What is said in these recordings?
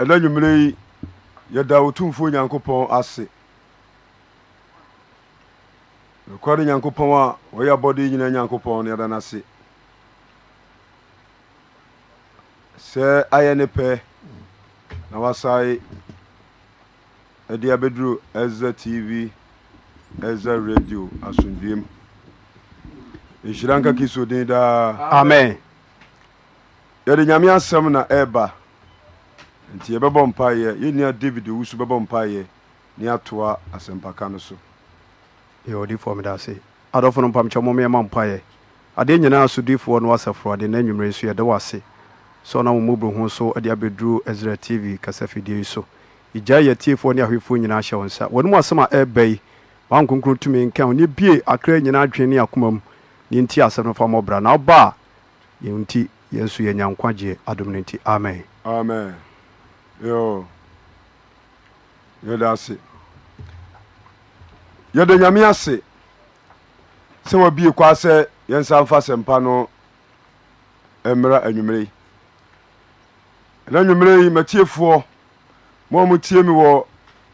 ɛna nwummerɛ yi yɛda otumfuo nyankopɔn ase nokware nyankopɔn a wɔyɛ abɔde nyina nyankopɔn no yɛda no ase sɛ ayɛ ne pɛ na wasae ɛde abɛduru ɛza tv ɛza radio asomdwem nhyira nka kiso din daa amen yɛde nyame asɛm na ɛɛba nti yɛbɛbɔ mpaeɛ yɛnua david owu so bɛbɔ mpaeɛ ne atoa asɛmpaka no so yɛɔdifoɔ meda adɔfo no mpamkyɛ mɔ meɛma mpaeɛ adeɛ nyinaa sodifoɔ no na so ase sɛ ɔna mommɔborɔ ho so de abɛduru ɛsra tv kasa na yi so igyae yɛtiefoɔ ne ahwefoɔ nyinaa hyɛ wo nsa wɔne mu asɛm a yi tumi nka ne bie akra nyinaa ne akoma mu ne nti asɛm no fa na ɔba a yɛn yɛnya nkwagyeɛ adom yo yɛda ase yɛda nyame ase sɛ wabie kwa sɛ yɛnsa mfa sɛmpa no mmra anwummere yi ɛna anwummere yi matiefoɔ mo a motie me wɔ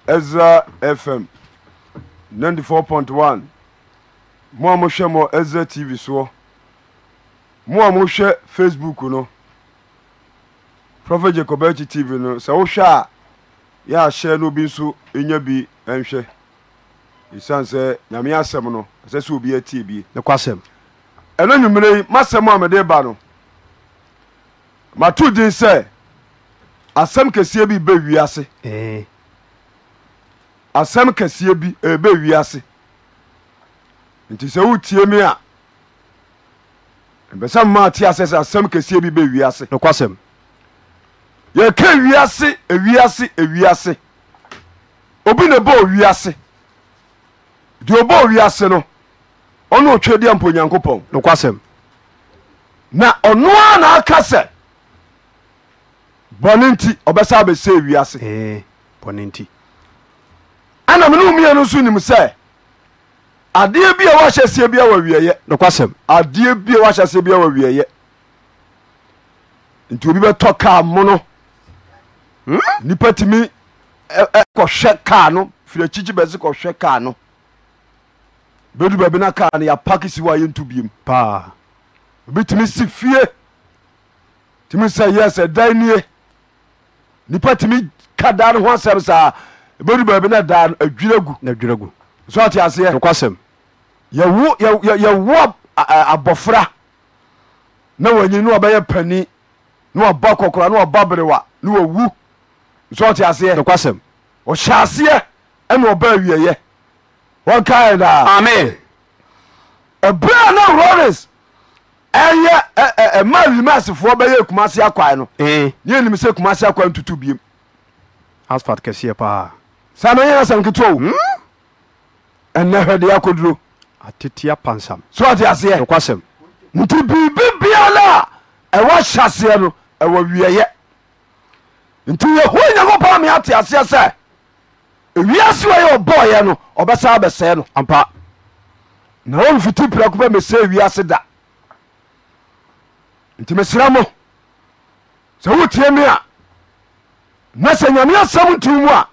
ɛzra fm 94.1 mo a mohwɛ mɔ ɛzra tv soɔ mo a mohwɛ facebook no prophet jacob ɛkyi tv no sɛ wohwɛ a yɛ ahyɛ no obi nso ɛnya bi ɛnhwɛ ɛsiane sɛ nyame asɛm no ɛsɛ sɛ obi atie bie ɛno nwumere yi masɛm a mede ba no mato din sɛ asɛm kɛseɛ bi bɛ wiase asɛm kɛseɛ bi ɛbɛ eh, nti sɛ wotie me a ɛbɛ sɛ mmaa te asɛ sɛ asɛm kɛseɛ bi bɛ wiase nokwasɛm yɛka wiase ewiase ewiase obi na bɔɔ wiase deɛ ɔbɔɔ wiase no na-otwe ɔtwa dia mpo onyankopɔn nokwasɛm na ɔnoa na aka sɛ bɔne nti ɔbɛsa bɛsɛ wiase bɔne nti ana mene womyɛ no nso nim sɛ adeɛ a woahyɛ seɛ bia wɔ wieyɛ nokwasɛm adeɛ a woahyɛ seɛ bia wɔ wieyɛ nti obi bɛtɔ ka mono nipa tumi kɔhwɛ kaa no firi akyikyi bɛsi kɔhwɛ kaa no bɛdu baabi na kaa no yɛapake si hɔ a yɛnto biem paa obi tumi si fie tumi sɛ yɛ sɛ dan nie nipa tumi ka daa no ho asɛm saa bɛdu baabi na daa no adwira gu na adwira gu so ate aseɛ nokwasɛm yɛwo yɛwo abɔfra na wɔanyini na wɔbɛyɛ pani na wɔba kɔkora na wɔba berewa na wɔwu sọọti aseɛ nokwasɛm ɔhyɛ aseɛ ɛna ɔba awieyɛ wɔnkaɛ daa amen ɛberɛ a na rollins ɛyɛ ɛma wimasefoɔ bɛyɛ kumase akwae no yɛnim sɛ kumase akwae ntutu biem asphalt kɛseɛ paa saa no yɛn asɛm ketewa o ɛnɛ hmm? hwɛ de atetea pansam sọọti aseɛ nokwasɛm nti biribi biara a ɛwɔ hyɛ aseɛ no ɛwɔ wieyɛ nti yɛho nyankopɔn me ate aseɛ sɛ ewiase wɔ yɛ ɔbɔɔyɛ no ɔbɛsa bɛsɛe no ampa na wɔmfiti prako pɛ mesɛ ewiase da nti mesira mo sɛ wotie me a na sɛ nyame asɛm ntom mu a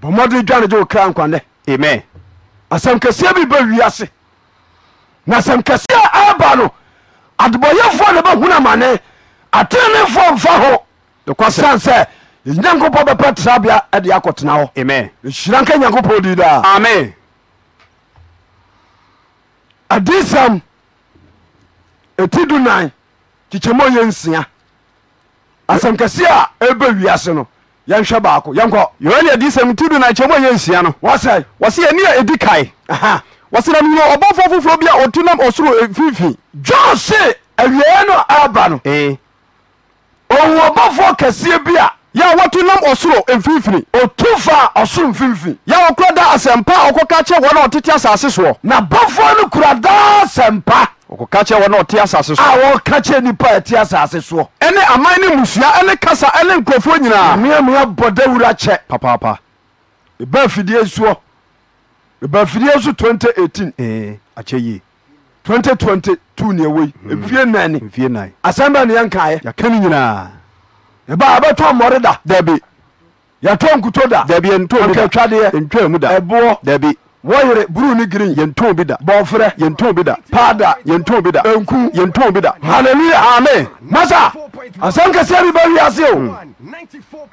bɔ mmɔden dwane gye wo kra nkwanɛ amen asɛmkɛseɛ bi bɛ wiase na asɛmkɛseɛ aba no adebɔyɛfoɔ na bɛhunu amane atenefoɔ mfa ho ɛkɔsane sɛ nyankopɔn bɛpɛ tera bia ɛde akɔtena hɔ nhyira nka nyankopɔn di daa ame adisɛm ɛti du nan kyikyɛmɔ yɛ nsia asɛmkɛse a ɛbɛ wiase no yɛnhwɛ baako yɛnkɔ yohane adisɛm ti du nan kyɛmɔ yɛ nsia no wɔsɛ wɔse yɛne a ɛdi kae wɔse na meyɛ ɔbɔfoɔ foforɔ bi a ɔtu nam ɔsoro eh, fifi john se awieɛ no aba no eh ɔwɔ ɔbɔfoɔ kɛseɛ bi a yɛ wɔto nam ɔsoro mfimfini ɔtu faa ɔsoro mfimfini yɛ wɔkura da asɛmpa a ɔkɔka kyerɛ wɔn a asase soɔ na bɔfoɔ no kura daa asɛmpa ɔkɔka kyerɛ wɔn a ɔte asase soɔ a wɔka kyerɛ nipa a ɛte asase soɔ ɛne aman ne musua ɛne kasa ɛne nkurɔfoɔ nyinaa mmeammea bɔ dawura kyɛ papaapa ɛba afidie soɔ ɛba afidie so 2018 akyɛ yie 2022 neɛwei mfie nani asɛm ni, ne yɛnkaɛ yɛka no nyinaa ɛba bɛtɔ mmɔre da dabi yɛtɔ nkuto da dabi yɛntɔnkatwadeɛ ntwamu da ɛboɔ dabi wɔyere buru ne green yɛntɔn bi da bɔfrɛ yɛntɔn bi da paada yɛntɔn bi da nku yɛntɔn bi da hallelujah amen masa asɛm kɛseɛ bi bɛ wiase o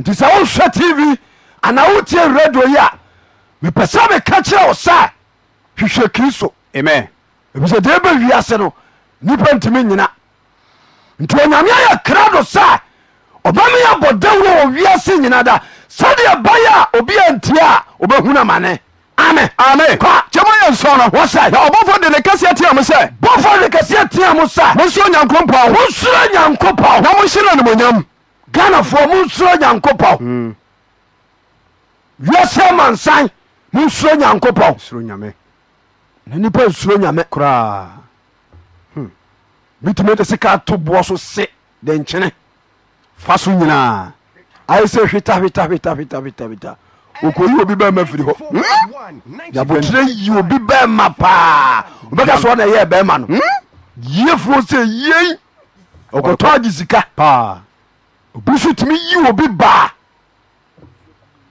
nti sɛ wohwɛ tv anaa wotie radio yi a mepɛ sɛ meka kyerɛ wo sɛ hwehwɛ kristo amen ebisɛ de bɛ wiase no nipa ntimi nyina nti onyame ayɛ kra do sa ɔbɛme yɛ bɔ dawuro wɔ wiase nyina da sɛdeɛ bayɛ a obi antie a obɛhunu amane ame ame kɔ kyɛmɔ yɛ nsɔ no wɔsɛ na ɔbɔfoɔ de ne kɛseɛ tea mo sɛ bɔfoɔ de kɛseɛ tea mo sa monsuro nyankopɔn monsuro nyankopɔn na monhyera nomonyam ghanafoɔ monsuro nyankopɔn hmm. wiase ma nsan monsuro nyankopɔn na nipa nsuro nyame koraa bitumi hmm. de sika to boɔ so se de nkyene fa so nyinaa ayɛ sɛ hweta hweta hweta hweta hweta hweta okoyi obi bɛɛ ma firi hɔ hmm? yabotire yi obi bɛɛ ma paa obɛka hmm? sɛ ɔna ɛyɛ bɛɛ ma no yiefoɔ sɛ yiei ɔkɔtɔ agye sika paa obi so tumi yi obi baa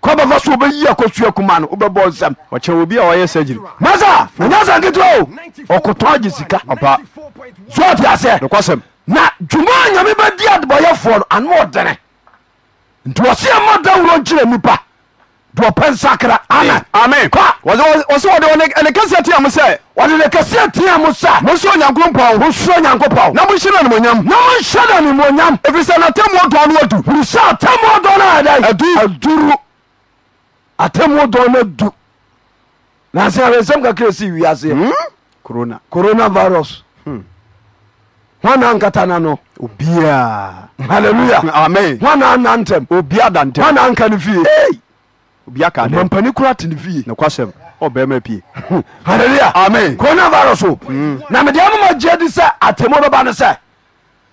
kɔbɛfa so wobɛyi akɔsua kuma no wobɛbɔ nsɛm ɔkyɛ obi a ɔyɛ surgery masa ɛnyɛ sɛ nketewa o ɔkotɔn agye sika ɔpa so ɔte aseɛ nokwasɛm na dwuma a nyame bɛdi adebɔyɛfoɔ no ano ɔdene nti wɔseɛ ma dawuro nkyerɛ nipa de ɔpɛ nsakra amen amen wɔsɛ wɔde ne kɛseɛ tea mo sɛ wɔde ne kɛseɛ tea mo sa mosoro onyankopɔn mosoro onyankopɔn na monhyɛ no animonyam na monhyɛ no animonyam ɛfiri sɛ natamɔdɔ no adu firi sɛ atamɔdɔ no adɛ aduru atamu dɔn no du nansi awesɛm kakra si wiase hmm? corona corona virus hmm. wana nkata na amen wana nantem obia dantem wana nka ne fie hey! obia ka ne mampani fie ne kwasɛm amen corona virus o mm. na mede amama gye di sɛ atemu bɛba no sɛ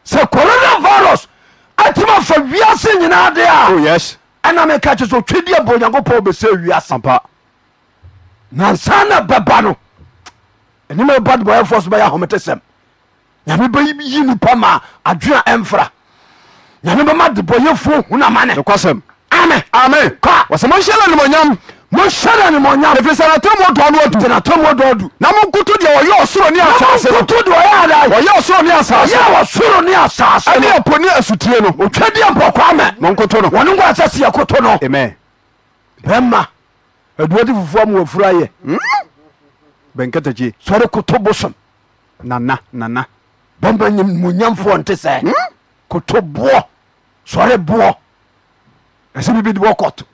sɛ corona virus atema fa wiase nyinaa de a oh yes ɛna meka kye so twedeɛ bɔ onyankopɔn bɛsɛ wie asampa nansa na bɛba no ɛnima bad bɔyɛfoɔ so bɛyɛ ahomete sɛm nyame bɛyi nipa ma adwena ɛmfra nyame bɛma de bɔyɛfoɔ hunamane ame ame ka wɔsɛmɔnhyɛ la nimɔnyam mohyɛne nemɔnyam ɛfiri sɛ natɔmɔ dɔ no adu natɔmɔ dɔ du na monkoto deɛ ɔyɛ ɔsoro ne asase nokoto deɛ ɔyɛ ada ɔyɛ ɔsoro ne asase ɔyɛ ɔsoro ne asase ɛne ɛpo ne asutire no ɔtwa deɛ mpɔkwa mɛ monkoto no wɔne nkɔ asɛ seɛ koto no amen bɛma aduade fufuo mu wɔfura yɛ bɛnkatakyie sɔre koto bosom nana nana bɛma monyamfoɔ nte sɛ koto boɔ sɔre boɔ ɛsɛ bibi de wɔkɔt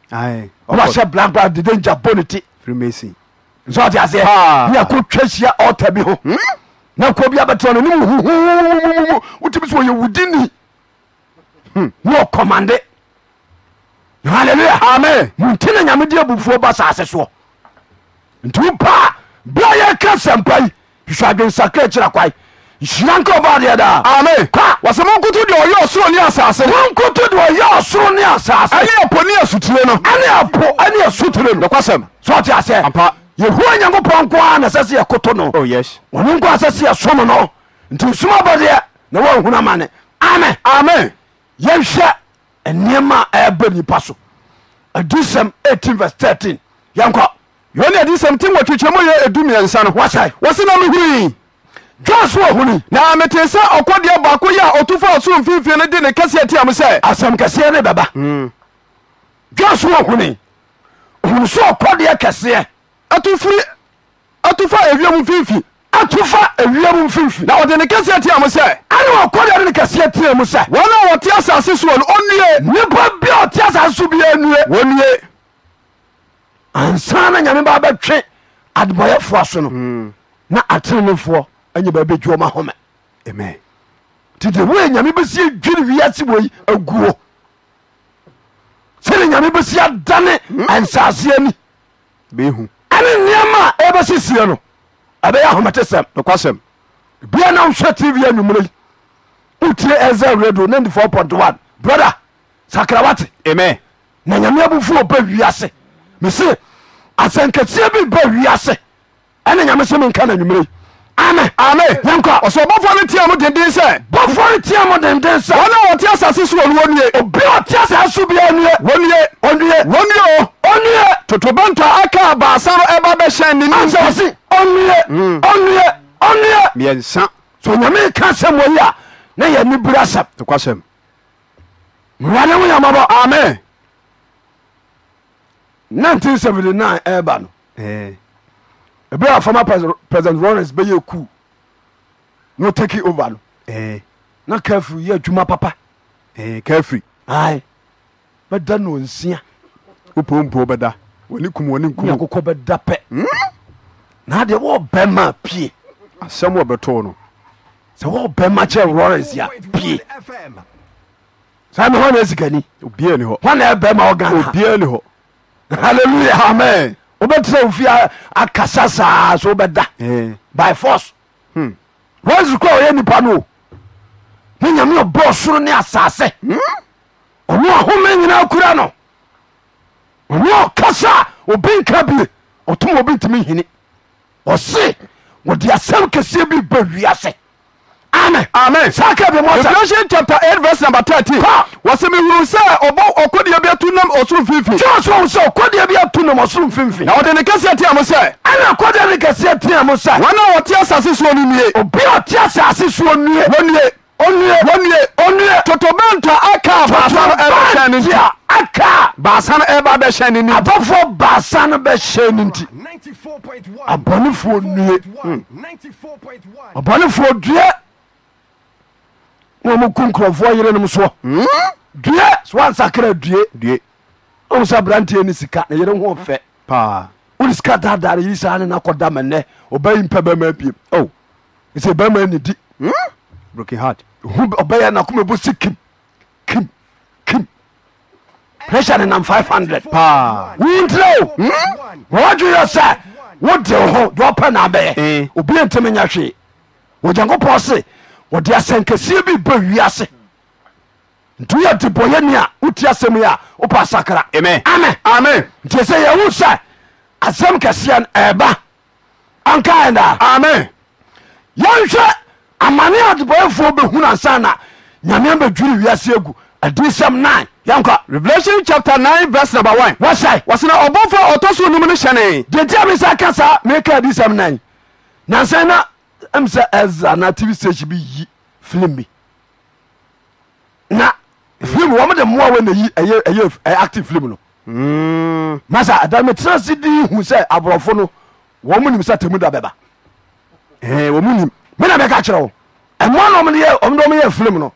ɔbahyɛ black bra de danger bɔ ne ti nso ɔte aseɛ ne akɔ twa hyia ɔta bi ho na kɔ bi abɛtɔ no ne mu huhuhuhuhuhu wotumi sɛ ɔyɛ wudini hmm. ne ɔkɔmande hallelujah amen nti na nyame de abufuo ba saase soɔ nti wo paa bra yɛka sɛmpa yi hwehwɛ adwensakra kyira kwae nhyira nka ɔba adeɛ daa ame ka wɔsɛ monkoto deɛ ɔyɛ ɔsoro ne asase monkoto deɛ ɔyɛ ɔsoro ne asase ɛne ɛpo ne asutire no ɛne ɛpo ɛne asutire no nokwasɛm sɛ ɔte asɛ yehowa nyankopɔn nko a na ɛsɛ sɛ yɛkoto no oh, ɔno nko a sɛ sɛ yɛsom no nti nsoma bɔdeɛ na wɔahuna ma ne ame ame yɛnhwɛ nneɛma a ɛba nipa so adisɛm 18 vs 13 yɛnkɔ yɛne adisɛm tem wɔtwitwɛ mɔ yɛ ɛdu miɛnsa no wasɛe wɔse na mehui jɔs wɔ huni. na mete sɛ ɔkɔdeɛ baako yi a ɔtufo ɔsoro mfimfini no de ne kɛseɛ tia mu sɛ asɛm kɛseɛ ne bɛba hmm. jɔs wɔ huni ohun so ɔkɔdeɛ kɛseɛ atufiri atufa ewiem mfimfini atufa ewiem mfimfini na ɔde ne kɛseɛ tia mu sɛ ɛne ɔkɔdeɛ de ne kɛseɛ tia mu sɛ wɔn a wɔte asase so no ɔnue nipa bi a ɔte asase so bi anue wɔnue ansa na nyame ba bɛtwe adebɔyɛfoɔ so no hmm. na atenenefoɔ ɛnyɛ baabi adwu ɔma home amen nti de wei nyame bɛsi adwiri wiase wei aguo sɛde nyame bɛsi adane ansaseɛ ni behu ɛne nneɛma a sie no ɛbɛyɛ ahomete sɛm nokwasɛm bia na wohwɛ tv anwummerɛ yi wotie ɛsɛ radio 94.1 brother sakrawate amen na nyame abofuo ba wiase mese asɛnkɛseɛ bi ba wiase ɛne nyame sɛ menka na anwummerɛ yi amen amen yankwa ɔsɛ ɔbɔfoɔ no tia mu denden sɛ bɔfoɔ no tia mu denden sɛ wɔn a wɔte asase hmm. so wɔn wɔnue obi a ɔte asase so bi anue wɔnue ɔnue wɔnue o ɔnue totobɛnto aka baasa no ɛba bɛhyɛn ne nim sɛ ɔsi ɔnue ɔnue ɔnue mmiɛnsa so nyame ka sɛm wɔ yi a na yɛ ni biri asɛm tokwasɛm nwurade ho yamabɔ amen 1979 ɛɛba no ɛbɛrɛ a former president lawrence bɛyɛ ku no take over no eh. na kafiri yɛ Juma papa eh, kafiri ae da. no nsia wopompo bɛda wɔne kum wɔne nkum akokɔ da pɛ hmm? na adeɛ wɔbɛ ma pie asɛm wɔbɛtɔɔ no sɛ wɔbɛ ma kyɛ lawrence a pie saa ne hɔ na asikani obia ni hɔ hɔ na ɛbɛ ma ɔgana obia ni hɔ hallelujah amen wobɛtera ofie akasa saa so wobɛda eh. by force wasi kora ɔyɛ nipa no o ne nyame ɔbɔɔ soro ne asase ɔno ahome nyinaa kura no ɔno ɔkasa obi nka bie ɔtom obi ntimi hini ɔse wɔde asɛm kɛseɛ bi ba wiase amen amen saka bi mɔsa efiase chapter eight verse number thirteen pa wɔsi mi huru sɛ ɔbɔ ɔkodeɛ bi atu nam ɔsoro finfin tí o sɔ o sɛ ɔkodeɛ bi atu nam ɔsoro finfin na ɔde ne kɛseɛ tia mo sɛ ɛna ɔkodeɛ ne kɛseɛ tia mo sɛ wɔn a wɔte asase soɔ no nue obi a ɔte asase soɔ nue wɔn nue onue onue onue totobanto aka baasa no ɛbɛ hyɛn ne nti aka baasa ɛba bɛ hyɛn ne nti abɔfoɔ baasa bɛ hyɛn ne nti abɔnefoɔ nue abɔnefoɔ due na ɔmo ku nkurɔfoɔ yere nom soɔ hmm? due so wansakra due ɔmo sɛ aberanteɛ ne sika na yere ho fɛ paa wode sika daadare yiri saa ne nakɔ da mɛnɛ ɔbɛyi mpɛ bɛma biem o ɛsɛ bɛma ne di hmm? broken heart ɔbɛyɛ nakoma bɔ si kim kim kim pressure ne nam hundred. paa wontirɛ o hmm? wɔwadwe yɛ sɛ wode wo ho de wɔpɛ na abɛyɛ eh. obi ntimi nyɛ hwee onyankopɔn se wɔde asɛnkasie bi ba wiase nti woyɛ de bɔyɛni a woti asɛm yi a wopɛ asakra ame nti sɛ yɛwo sɛ asɛm kɛseɛ no ɛba ankaɛdaa yɛnhwɛ amane a adebɔyɛfoɔ bɛhunu ansa na nyame bɛdwiri wiase agu adisɛm 9 yɛnkɔ revelation chapter nine verse number one. wɔsɛe wɔsena ɔbɔfoɔ a ɔtɔ so onum no hyɛne deɛ nti a mesa ka saa meka adisɛm 9 nansa na m sɛ ɛza na tv station bi yi film bi na film wɔm de mmoa wɔ na yi ɛyɛ active film no hmm. masa ɛdan mi tena se di hu sɛ aborɔfo no wɔn mu nim sɛ tɛmu da bɛba ɛɛ eh, wɔn mu nim mi na bɛ ka kyerɛ wo ɛmoa e na ɔmo yɛ ɔmo de ɔmo yɛ film no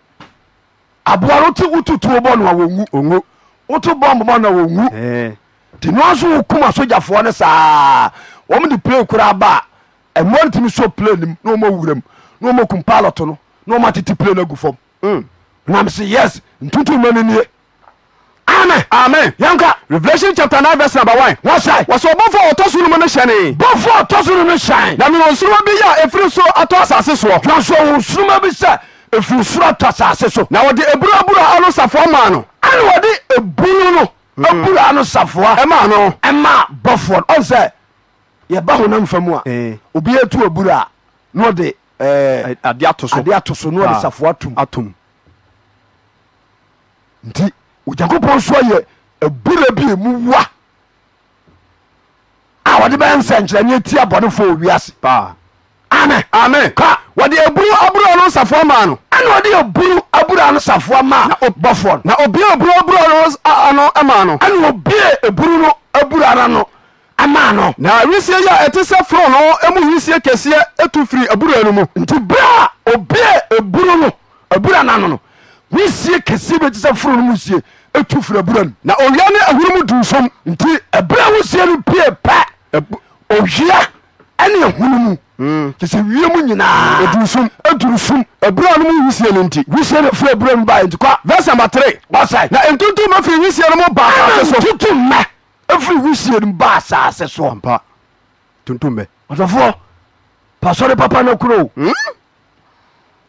aboa no ti wotutuo bɔ no a wɔn ngu ongu wotu bɔmbu bɔ no a wɔn ngu eh. te nua nso kuma sojafoɔ no saa wɔn de play kura baa ɛmoa no timi so plane m na ɔma wuram na ɔma kum pilot no na ɔma tete plane agu fam mm. nam se yes ntuntumma no nie amen amen yanka revelation chapter nine verse number one. wọ́n ṣe. wọ́n sọ bọ́fọ̀ ọ̀tọ́ sunu mu ni ṣẹ́ni. bọ́fọ̀ ọ̀tọ́ sunu mu ni ṣẹ́ni. na nínú nsúlùmọ́ bí yà efiri so atọ́ asase sọ. yọ̀sọ̀ nsúlùmọ́ bí sẹ́ efiri so atọ́ asase sọ. na wọ́n di eburu aburu alo safuwa maa no. ẹni wọ́n di eburu no. eburu alo safuwa. ẹ maa no. ẹ maa bọ́fọ̀ ọ̀nsẹ̀ yɛba honam fa mu a eh. obi atu aburo a na ɔde eh, eh, ade ato so na ɔde ah. safoɔ atom nti onyankopɔn so yɛ abura bi mu wa a wɔde bɛyɛ nsɛnkyerɛnne ati abɔnefoɔ owiase amen amen ka wɔde aburu aburu no safoɔ maa no ɛna ɔde aburu aburo no safoɔ maa na ɔbɔfoɔ na obi aburu aburu no ano maa no ɛna obi aburu no aburo ano no ɛma no na wisie yɛ ɛte sɛ frɔno mu wisie kɛseɛ ɛtu firi abura no mu nti berɛ a obie aburu no abura nano no wisie kɛseɛ bi te sɛ frɔno mu sie ɛtu firi abura no na owia ne ahuru mu dunsom nti ɛberɛ wosie no pie pɛ owia ɛne ahunu mu kyesɛ hmm. wie mu nyinaa ɛdunsum ɛdunsum ɛberɛ no mu wisie no nti wisie no firi abura no ba nti kɔ verse number 3 wɔsɛ na ntontom afiri wisie no mu baa so ntotom mɛ ɛfiri wisie no ba asase so mpa tuntum bɛ ɔsɔfoɔ pa papa no kuro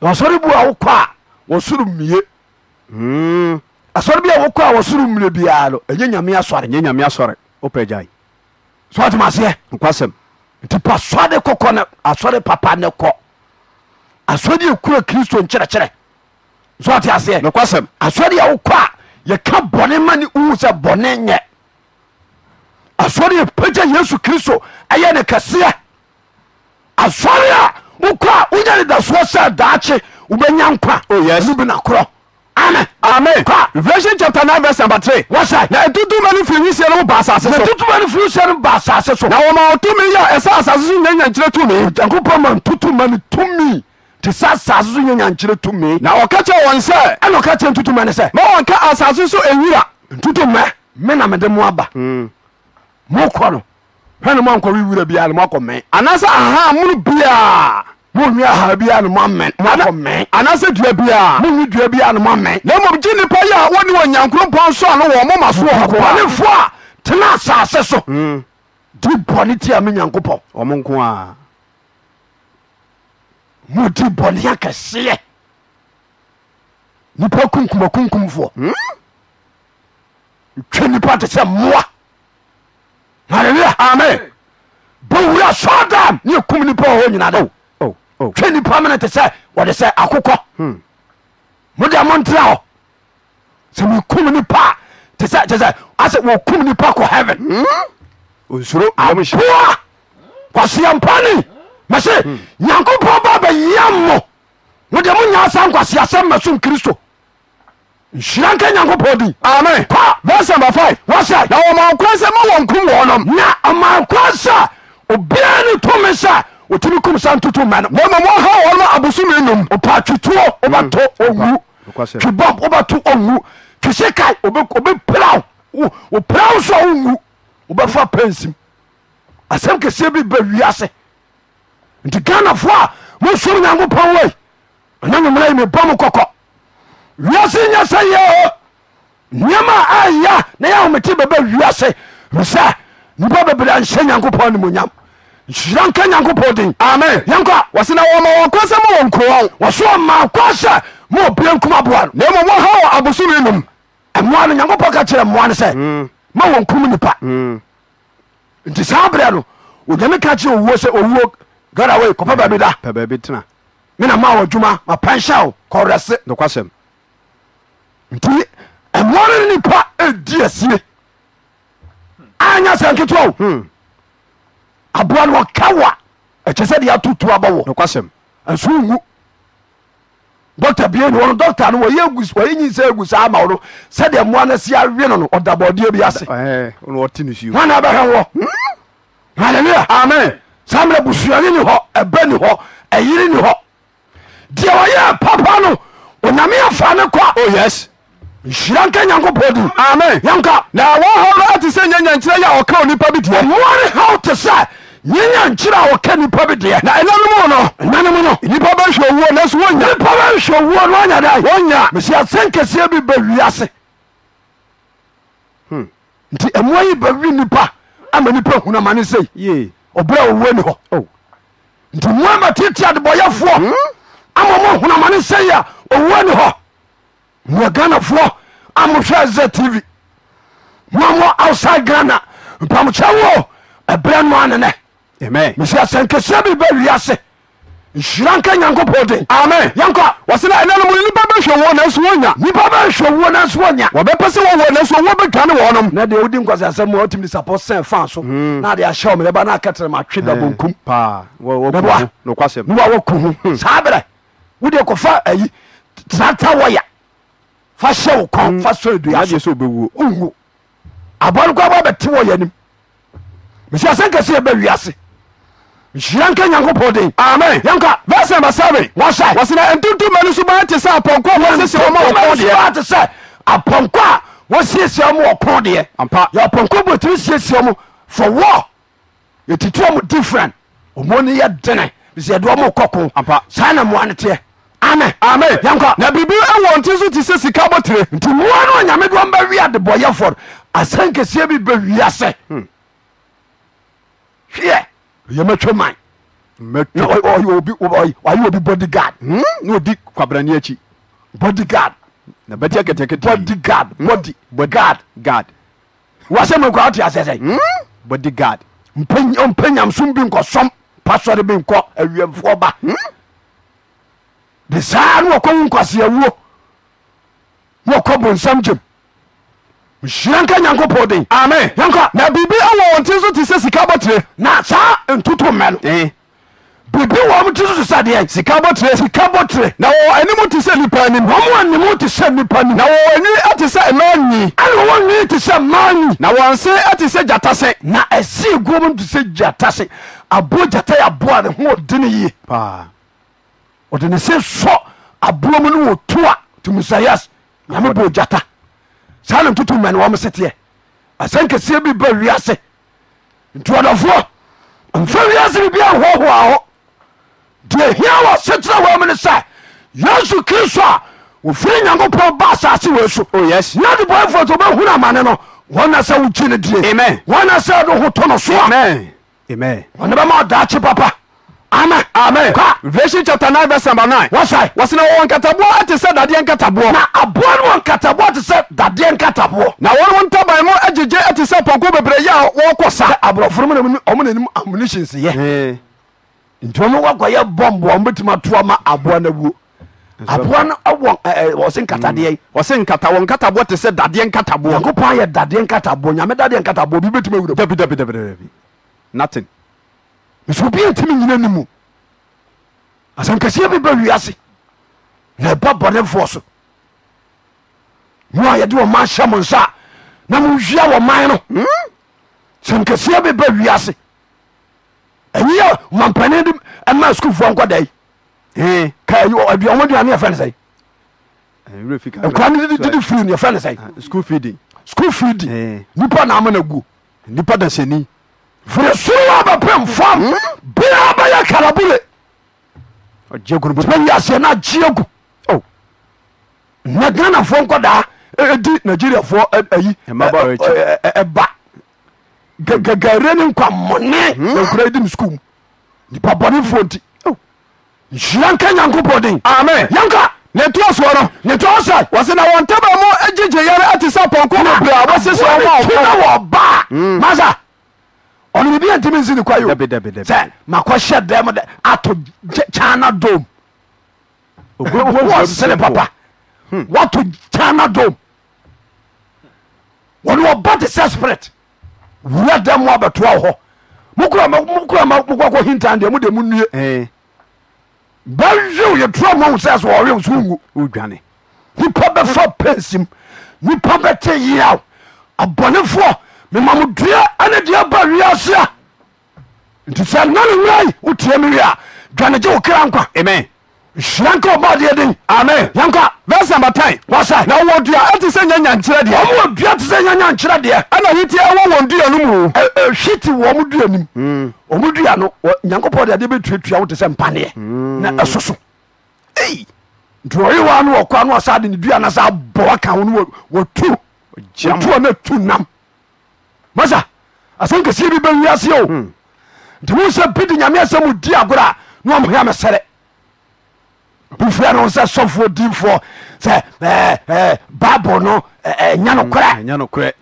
ɔsɔre hmm? bu a wokɔ a wɔsoro mmie hmm. asɔre bi a wokɔ a wɔsoro mmire biara no ɛnyɛ e nyame asɔre nyɛ nyame asɔre wopɛ gyae so atom aseɛ nkwasɛm nti pa kɔkɔ no asɔre papa ne kɔ asɔre ɛkura kristo nkyerɛkyerɛ so ate aseɛ nokwasɛm asɔre a wokɔ a yɛka bɔne ma ne wu sɛ bɔne nyɛ asɔre apagya yesu kristo ɛyɛ ne kɛseɛ asɔre a wokɔ a wonya nedasoɔ sɛ daakye wobɛnya nkwa oh, no bi nakorɔ amen amen revelation chapter nine verse number three. wasa na etutuma ni firi wisie no ba asase so. na etutuma ni firi wisie no ba asase so. na wɔn ma ɔtumi yɛ ɛsɛ asase so nyɛ nyankyerɛ tumi. jankopɔn ma ntutuma ni tumi te sɛ asase so nyɛ nyankyerɛ tumi. na ɔka kyɛ wɔn sɛ. ɛna ɔka kyɛ ntutuma ni sɛ. ma wɔn ka asase so ewira. ntutuma mi aba. Mm mokɔ no hwɛne mo ankɔ wiwura biaa no moakɔ me anaasɛ aha mono biaa mowe aha bia no moakɔ me anaasɛ dua biaa mowe dua bia no moame na mmom gye nnipa yi a wone wɔ nyankoropɔn so a wɔ moma so a tena asase so hmm. di bɔne tia me nyankopɔn ɔmo nko a modi bɔne akɛseɛ nipa kunkumakunkumfoɔ hmm? twa nipa te sɛ mmoa hallelujah amen bowura sodom ne ɛkum nipa wɔ hɔ nyina de hwɛ oh, oh, oh. nipa mene te sɛ wɔde sɛ akokɔ mode hmm. montera hɔ sɛ mekum nipa te sɛ te sɛ asɛ wɔkum nipa kɔ heaven nsuro hmm? aboa kwaseampane mɛse hmm. nyankopɔn ba bɛyia mo mode monya sa nkwaseasɛm mɛ som kristo nhyira nka nyankopɔn di amen kɔ verse number five wɔsɛ na wɔma akora sɛ ma wɔn kum wɔn nom na ɔma akora sɛ obiara ne tumi sɛ otumi kum sa ntutu mɛ no wɔma wɔha wɔn ma abosom enum ɔpa twituo ɔbɛto mm. ɔwu twibɔm ɔbɛto ɔwu twisikai ɔbɛpiraw ɔpiraw so ɔwu ɔbɛfa pɛnsim asɛm kɛseɛ bi bɛ wiase nti ghanafoɔ a mosoro nyankopɔn wei ɛnyɛ nwomera yi mebɔ mo kɔkɔ wiase nya sɛ yɛ nneɛma aya na yɛ ahomete bɛbɛ wiase misɛ nipa bebree nhyɛ nyankopɔn nimonyam nhyira nka nyankopɔn din amen yɛnkɔ wɔsena wɔma wɔn kɔ sɛ ma wɔn kurowa wɔso ɔma kɔ sɛ ma obia nkum aboa no na mmom wɔha wɔ abosome nom ɛmmoa no nyankopɔn ka kyerɛ mmoa no sɛ mm. ma wɔn kum nipa mm. nti saa berɛ no onyame ka kyerɛ owuo sɛ owuo gadawei kɔpɛ baabi da mena ma wɔ adwuma mapanhyɛ wo kɔwerɛse nokwasɛm nti ɛmɔre no nipa ɛdi asie anya sɛ nketewa o hmm. aboa no ɔka wa ɛkyɛ sɛ deɛ atoto abɔ wɔ nokwasɛm ɛnso ngu dɔkta bie ni wɔn dɔkta no wɔyɛ egu wɔyɛ nyinsɛn egu saa ama wɔn sɛdeɛ mmoa no si awie no no ɔdabɔdeɛ bi ase ɛɛ ɔte ne si wɔn na ɛbɛhɛ wɔ hmm? hallelujah amen samina busuani ni hɔ ɛbɛ ni hɔ ɛyiri ni hɔ deɛ wɔyɛ papa no onyame afa ne kɔ oh yes nhyira nka nyankopɔn du amen yanka na wɔhaw no te sɛ nyɛ nyankyerɛ yɛ a ɔka onipa bi deɛ wɔre haw te sɛ nyɛ nyankyerɛ a ɔka nipa bi deɛ na ɛnanom no ɛnanom no nipa bɛhwɛ owuo na so wɔnya nipa bɛhwɛ owuo no wanya da wɔnya mesia sɛn kɛseɛ bi bɛwiase hmm. nti ɛmoa yi bɛwi nipa ama nipa hunama ne sei ɔbrɛ owuo ni hɔ oh. nti mmoa ma tete adebɔyɛfoɔ hmm? ama mo hunama ne sei a owuo ni hɔ mowɔ ghanafoɔ amohwɛ ze tv moamɔ outside ghana mpamokyɛ wo ɛberɛ no anenɛ mesi asɛnkɛsɛ bi bɛ wiase nhyira nka nyankopɔn den amen yɛnkɔ wɔsena ɛna no mu nipa bɛhwɛ wɔ nanso wɔnya nipa bɛhwɛ wɔ nanso wɔnya wɔbɛpɛ sɛ wɔwɔ nanso wɔwɔ bɛtwane wɔnom na deɛ wodi nkɔsɛasɛ mu wɔtumi de sapɔ sɛn fa so na de ahyɛ wo merɛba na akɛtere ma atwe da eh, bonkum ne wa wɔku ho hmm. saa berɛ wode kɔfa ayi e trata wɔya fa hyɛ wo kɔn mm. fa sɔ eduaso sɛ obɛwuo owu abɔne kɔ bɔ bɛte wɔ yɛnim mehyia sɛ nkɛsɛ yɛbɛ wiase nhyira nka nyankopɔn den amen yɛnka vɛsɛ masabe wɔhyɛ wɔsena ntontomma no so baa te sɛ apɔnkɔ a wɔsiesie ɔma wɔko deɛ te sɛ apɔnkɔ a wɔsiesie ɔma wɔko deɛ ampa yɛ apɔnkɔ bɔ tumi siesie ɔmo for war yɛtiti ɔmo different ɔmo ni yɛ dene bisɛ yɛde ɔmo kɔko ampa saa na mmoa no amen amen yanka na biribi ɛwɔ nti so te sɛ sika bɔtire nti moa no onyame de wɔm bɛwi adebɔyɛfoɔ no asɛnkɛseɛ bi hmm. hmm? bɛwia hmm. sɛ hweɛ yɛmɛtwe man ayɛ obi body guard na odi kwabrane akyi body guard na bɛti akɛtɛkɛtɛ body body guard guard wasɛ mekwa wote asɛ sɛ body guard mpɛ nyamsom bi nkɔsɔm pasɔre bi nkɔ awiamfoɔ ba de saa ne wɔkɔ wo nkwaseawuo ne wɔkɔ bonsam gyem nhyira nka nyankopɔn den amen Yanka, na biribi awɔ wɔn ti so te sɛ sika bɔtire na saa ntoto mmɛ no eh. biribi wɔ mo ti so te sɛ deɛ sika bɔtire sika bɔtire na wɔwɔ anim te sɛ nipa anim wɔn anim te sɛ nipa anim na wɔwɔ anwi te sɛ mmaa nyi ɛna wɔn nwi te sɛ mmaa nyi na wɔn se te sɛ gyata se na ɛsi eguo mo te sɛ gyata se abo gyata yɛ aboa ne ho ɔdi yie paa ɔde ne se sɔ aboɔ mu no wɔ tu a ti musa yes nyame bɔ gyata saa ne ntoto mɛne wɔm seteɛ asɛm kɛseɛ bi ba wiase nti ɔdɔfoɔ mfa wiase bibia nhɔhoa hɔ deɛ hia wɔ setera wɔ mu no sɛ yesu kristo a ofiri nyankopɔn ba asase wɔ so oh, yade bɔɛfoɔ sɛ wobɛhunu amane no wɔna sɛ wogye no die wɔna sɛ de ho to no soa ɔne bɛma ɔdaakye papa amen amen kwa revision chapter nine verse number nine wasai wasi na wɔn nkataboɔ ɛte na aboɔ no nkatabo. na wɔn wɔn ntaban mu agyegye ɛte sɛ pɔnkɔ bebree yɛ a wɔkɔ sa na wɔn nanim ammunitions ntoma nti wɔn wɔkɔ yɛ bɔmbu wɔn ama aboɔ na wuo aboɔ ɛɛ wɔsi nkatadeɛ yi mm. nkata wɔn nkatabo te sɛ dadeɛ nkataboɔ yankun yɛ dadeɛ nkatabo nyame nkatabo bi dabi dabi dabi dabi nothing nso obi ntimi nyina ni mu asankasiɛ bi ba wiase na ɛba bɔnefoɔ so mo yɛde wɔma hyɛ mo nsa na mowia wɔ man no hmm? sankasiɛ bi ba wiase ɛnyɛ mampani de ɛma sukuufoɔ nkɔ dai aduawaduane yɛfɛ ne sɛi nkura ne didi firi yɛfɛ ne sɛi ah, school feeding nipa naama na guo nipa ni. firisoro bɛpem fam hmm? bia bɛyɛ karabule bɛyi aseɛ no agyea gu oh. na ghanafoɔ ayi ɛba gagare ne nkwa mmɔne nankura hmm? e, yɛdi ne sukuu mu nipa bɔne foɔ nti oh. nhyira nka nyankopɔn amen yanka ne toa soɔ ne na wɔn ntaba mu agyegye yɛre ate sɛ pɔnkɔ ɔno biribi a ntimi nsi ne kwa yo sɛ makɔhyɛ dɛm dɛ ato kyana dom wɔsere papa wato kyana dom wɔne wɔba te sɛ spirit wura dɛm mo abɛtoa hɔ mokora mokɔkɔ hintan deɛ mode mu nnue bɛwew yɛtoa mɔwo sɛ so wɔwew so wu wodwane nipa bɛfa pensim nipa bɛte yeaw abɔnefoɔ memamodeɛ ane deɛ ba wiase a nti sɛ nane werai wotie me wie a dwanegye wo kra nkwa amen nhyira nka ɔbaadeɛ den amen yanka verse number ten wasa na wɔ dua ɛte sɛ nya nyankyerɛ deɛ ɔmo wɔ dua te sɛ nya nyankyerɛ deɛ ɛna hiti ɛwɔ wɔn dua no mu ɛhwi te wɔ ɔmo dua nim hmm. ɔmo dua no nyankopɔn de adeɛ bɛtuatua wo te sɛ mpaneɛ hmm. na ɛsoso ei nti ɔyewa no wɔkɔa no ɔsa de ne dua no sa bɔ aka wo no wɔtu wɔtu ɔno atu nam masa asɛm kɛseɛ bi bɛ wiase o hmm. nti wo sɛ bi de nyame asɛ mu di agorɔ a na ɔmhwɛ me sɛre bufira no sɛ sɔfoɔ dinfoɔ sɛ bible no ɛnya hmm, no korɛ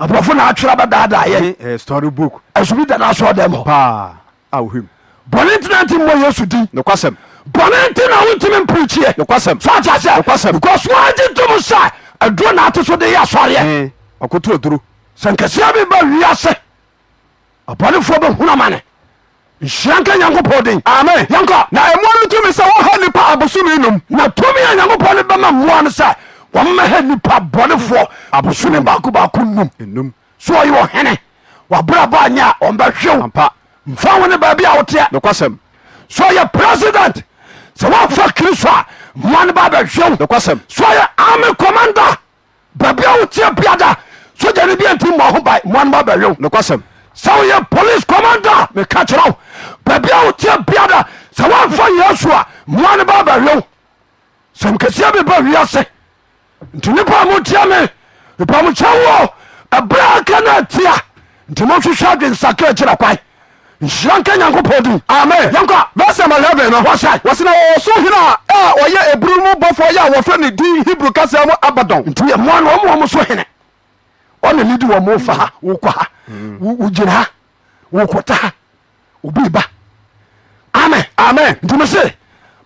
aborɔfo na atwerɛ bɛdaadaayɛ story book asumi da no asɔ dɛ mɔ bɔne ntena nti mmɔ yesu din nokwasɛm bɔne nti na wontimi mprikyiɛ nokwasɛm so akyɛ sɛ because woagye tom sa aduro na ate so de yɛ asɔreɛ ɔkotoaduro sɛnkɛsia bi ba wiase abɔnefoɔ bɛhunamane nhyira nka nyankopɔn den ame yɛnkɔ na ɛmoa no tumi sɛ wɔha nipa abosome nom na tumi a nyankopɔn ne bɛma mmoa no sɛ wɔmmɛha nipa bɔnefoɔ abosome baako baako num so ɔyɛ ɔhene wabrabɔ anyɛ a ɔmbɛhwew mfa wo ne baabi a woteɛ nokwasɛm so ɔyɛ president sɛ woamfa kristo a mmoa no ba nokwasɛm so ɔyɛ army commander baabi a woteɛ biada kristiano bi anti mɔ ho ba mmoa no mabɛwew nokwasɛm sɛ woyɛ police commanda meka kyerɛ wo baabia wo tia biada sɛ woamfa yesu a mmoa no babɛwew sɛmkɛsia bi ba wiase nti nipa mo tia me nipa mo kyɛ wo ɛberɛ ka no atia nti monhwehwɛ adwensakra kyerɛ kwae nhyira nka nyankopɔn din amen verse number eleven no wɔhyɛ wɔsi na ɔso hena a ɔyɛ eburu mu bɔfoɔ yɛ a wɔfrɛ ne din hebrew kasa mu abadon nti ɛmoa no ɔmo ɔmo so hene ɔne ne di wɔ mo fa ha wokɔ ha wogyina ha wokɔta ha obi ba amen amen nti me se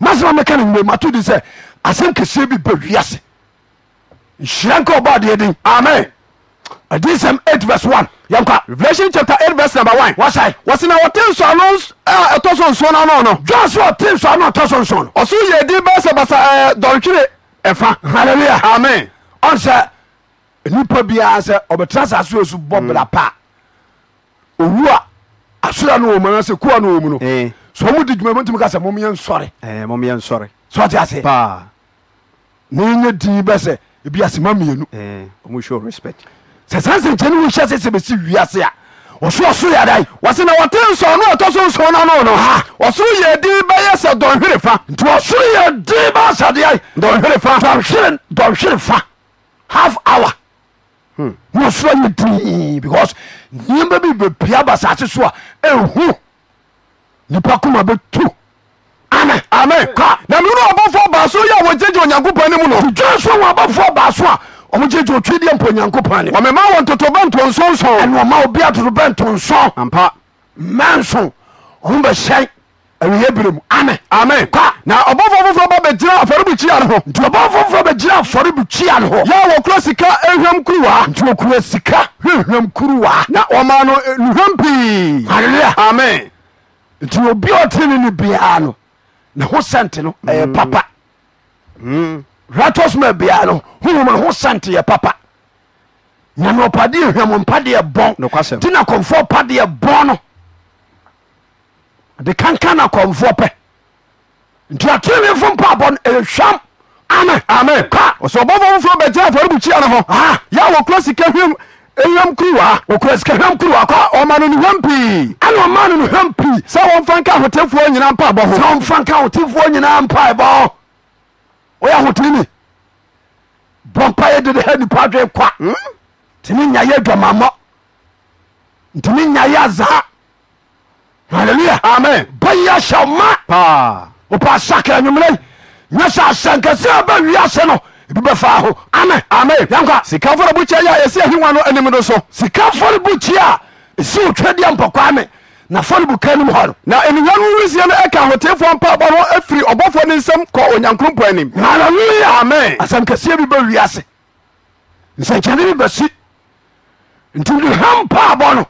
masɛma meka ne nwumato di sɛ asɛm kɛseɛ bi ba wiase nhyira nka ɔbɔ adeɛ den amen adisɛm 8 vs 1 yɛnkwa revelation chapter 8 vs number 1 wasae wɔse na wɔte nsoano ɛtɔ so nsuo no ano no dwa so ɔte nsoano ɔtɔ so nsuo no ɔso yɛ din bɛsɛ basa dɔntwere ɛfa halleluya amen ɔn nipa biaa sɛ ɔbɛtra sase osu bɔ mm. bra pa, owu a asora no wɔmana sɛ kua no wɔmu no eh. sɛ ɔmo di dwuma motumi ka sɛ momyɛ nsɔre eh, nsɔre sɛ ɔte ase na ɛnya din bɛ sɛ ebi eh, show respect. sɛ saa nsɛnkyɛ ne wohyɛ sɛ sɛ bɛsi wiase a ɔso ɔsoro yɛdae wɔse na wɔte nsɔn no ɔtɔ so nsɔn no no ha ɔsoro yɛ din bɛyɛ sɛ dɔnhwere fa nti ɔsoro yɛ din bɛasadeɛ dɔnhwere fa dɔnhwere dɔnhwere fa half hour mosoro ye ti because yemba bi bepia ba sase so a ehu nipa kuma betu amen amen ka na mene ɔbɔfoɔ baaso yɛ wɔgyegye onyankopɔn ne mu no dwa so wɔ abɔfoɔ baaso a ɔmogyegye otwedeɛ mpo onyankopɔn ne ɔmema wɔ ntotobɛnto nsonson ɛne ɔma obi atotobɛnto nson ampa manson ɔmo bɛhyɛn awia birem amen amen kwa na ɔbɔfo foforɔ ba bɛgyina afɔrebukyia no ho nti ɔbɔfo foforɔ bɛgyina afɔrebukyia no ho yɛ wɔkura sika ehwam kuruwa nti wɔkura sika ehwam kuruwa na wɔma no eh, nuhwam pii hallelujah amen nti obi a ɔte ne no biara no ne ho sɛnte no ɛyɛ mm. papa mm. ratosma biara no hohoma ho sɛnte yɛ papa nyame ɔpadeɛ hwam mpadeɛ bɔn ntina kɔmfoɔ padeɛ bɔn no de kanka na kɔnfoɔ pɛ nti atiremifo mpabɔ no ɛhwam amen amen ka ɔsɛ ɔbɔfo foforɔ bɛgyina afɔrebukyia no ho yɛ wɔkura sika hwam ɛhwam kuruwa wɔkura sika hwam kuruwa kɔ ɔma no ne hwam pii ɛna ɔma no ne hwam pii sɛ wɔmfa nka ahotefoɔ nyinaa mpabɔ ho sɛ wɔmfa nka ahotefoɔ nyinaa mpabɔ woyɛ ahotirimi bɔmpa yɛ dede ha nipa dwe kwa hmm? ntimi nya yɛ adwamammɔ ntimi nya yɛ azaa hallelujah amen bɛyɛ hyɛ ma paa wopɛ asaka anwumerɛ nyɛ sɛ asɛnkɛsɛ a bɛwiase no ebi bɛfa ho amen amen yanka sikafo bo kyia yɛ ɛsi ahewa no anim no so sikafo bo kyia a ɛsi otwa deɛ mpɔkwa me na fɔne bu kanim hɔ no na anuya no wurisiɛ no ɛka ahotefoɔ mpabɔ no afiri ɔbɔfoɔ no nsɛm kɔ onyankorompɔ anim hallelujah amen asɛnkɛseɛ bi bɛwiase nsɛnkyɛne bi bɛsi nti de ha mpabɔ no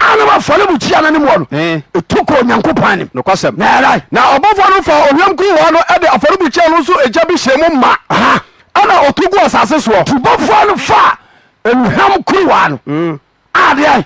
anama fɔle mu kyi anani mu wɔno etu ko nyankopɔn anim nokwasɛm nɛɛra na ɔbɔfo no fa owiam kuru wɔ no ɛde afɔre mu kyi no nso egya bi hyɛ mu ma ɛna ɔtu gu asase soɔ tubɔfoɔ no fa ewuham kuru no mm. adeɛ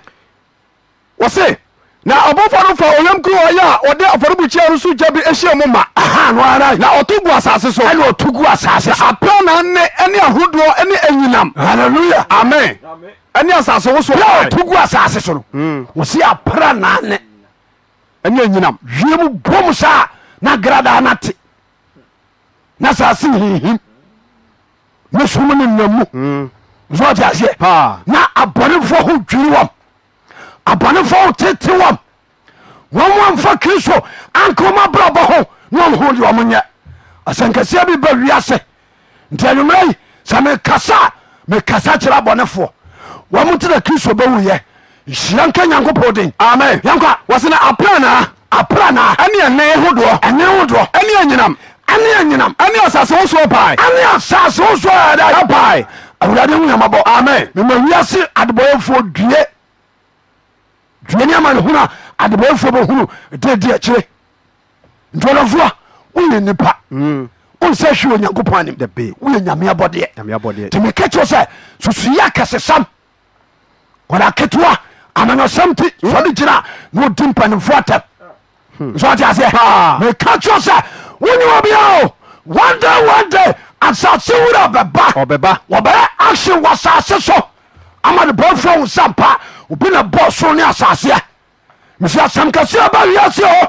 wɔse na ɔbɔfo no fa owiam kuru wɔ yɛ a ɔde afɔre mu kyi no nso gya bi ehyia mu ma noara na ɔtu gu asase so ɛna ɔtu gu asase so apɛn na ne ɛne ahodoɔ ɛne enyinam hallelujah amen. amen ɛne asase wosotogu asase so no hmm. wɔsi apra naane ɛne anyinam wiem bom saa na gradaa no te na asase hihim ne som no nnamu nso aseɛ na abɔnefoɔ ho dwiri wɔm abɔnefoɔ ho tete wɔm wɔn amfa kristo ankoma wɔn abrabɔ ho na wɔn ho deɛ nyɛ asɛnkɛseɛ bi ba wiase nti anwummerɛ yi sɛ mekasa mekasa kyerɛ abɔnefoɔ wɔmo tena kristo bɛwuyɛ nhyira nka nyankopɔn den amen yanka wɔsena apranaa apranaa ɛne ɛne hodoɔ ɛne hodoɔ ɛne anyinam ɛne anyinam ɛne asase wosoɔ paa ɛne asase wosoɔ ɛda paa awurade ho yamabɔ amen mema wiase adebɔyɛfoɔ due due ne ama ne hono a adebɔyɛfoɔ bɛhunu dedi akyire ntuɔdɔfoɔ woyɛ nipa mm. wonsɛ hwe wɔ nyankopɔn anim woyɛ nyameabɔdeɛ nti meka kyerɛ sɛ susuyɛ akɛsesam wɔde aketewa ananasɛm te sɔde gyina na ɔdi mpanimfoɔ atɛm nso ɔte aseɛ meka kyerɛ sɛ wonye bia o one day one day asase wura bɛba ɔbɛba wɔbɛyɛ action wɔ asase so ama ne bɔfoɔ wo sa mpa obi na bɔ soro ne asaseɛ mesi asɛm kɛseɛ ba wiase o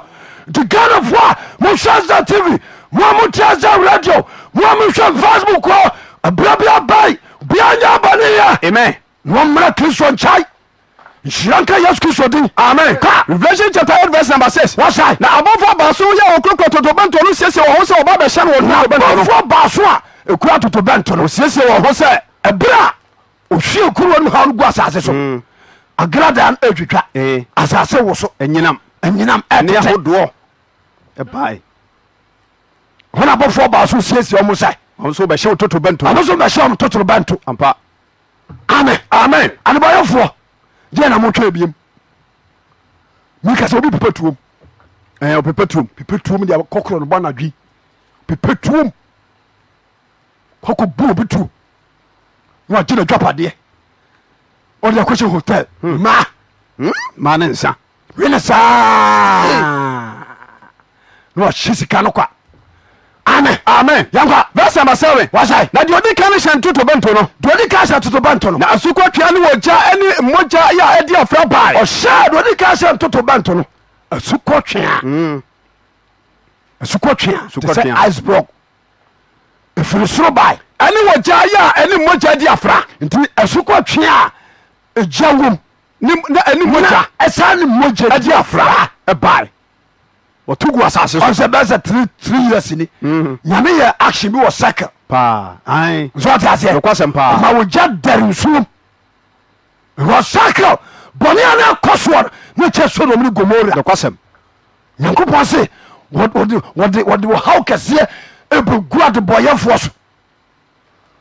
nti ghanafoɔ a mohwɛ sa tv moa motia sa radio moa mohwɛ facebook o abra e bia bae obia nya abɔneyɛ amen wɔmmra kristo nkyae nhyira nka yesu kristo din amen ka revelation chapter eight verse number six wasae na abɔfoɔ baaso yɛ wɔkurokura totobɛnto no siesie wɔ ho sɛ wɔba bɛhyɛ no wɔ nabɔfoɔ baaso a ɛkura totobɛnto no siesie wɔ ho sɛ ɛberɛ a ɔhwie kuruwa no haw no gu asase so mm. agradaa no ɛtwitwa eh. asase wo so ɛnyinam ɛnyinam ɛtetehodoɔ ɛbae hɔn abɔfoɔ baaso siesie ɔmo sɛ ɔmo so bɛhyɛ wo totobɛnto ɔmo so bɛhyɛ ɔmo totobɛnto ampa amen amen anebayɛfoɔ gyɛ na motwa abiem meka sɛ obi pepe tuom pepe tuom pepa tuom deɛ kɔkorɔ no bɔnadwi pepa tuom kɔkɔ bu obi tuo na wagye na dwapadeɛ ɔde akɔhyɛ hotel hmm. ma hmm? ma ne nsa wene saa na wahyɛ sika no kwa amen amen yanka verse number seven wasa na deɛ ɔdi kan hyɛ ntotobanto no deɛ ɔdi kan hyɛ ntotobanto no na asukɔtua ne wɔ gya ne mmogya yɛ a ɛdi afra baa ɔhyɛ deɛ ɔdi kan hyɛ ntotobanto no asukɔtwea mm. asukɔtwea te sɛ iceberg ɛfiri soro baa ɛne wɔ gya yɛ a ɛne mmogya di afra nti asukɔtwea a ɛgya wom ne ɛne mmogya ɛsan ne mmogya di afra ɛbaa wɔto gu asase so ɔsɛ bɛsɛ three three years ni mhm. nyame yɛ action bi wɔ cycle paa ayi nso ɔte aseɛ ɛkɔsɛm paa ma wo gya dɛri nsuo wɔ cycle bɔnne a na ɛkɔ soɔ ne kyɛ sodom ne gomora ɛkɔsɛm nyankopɔn se wɔde wɔde wɔde wɔhaw kɛseɛ ebi gu adebɔyɛfoɔ so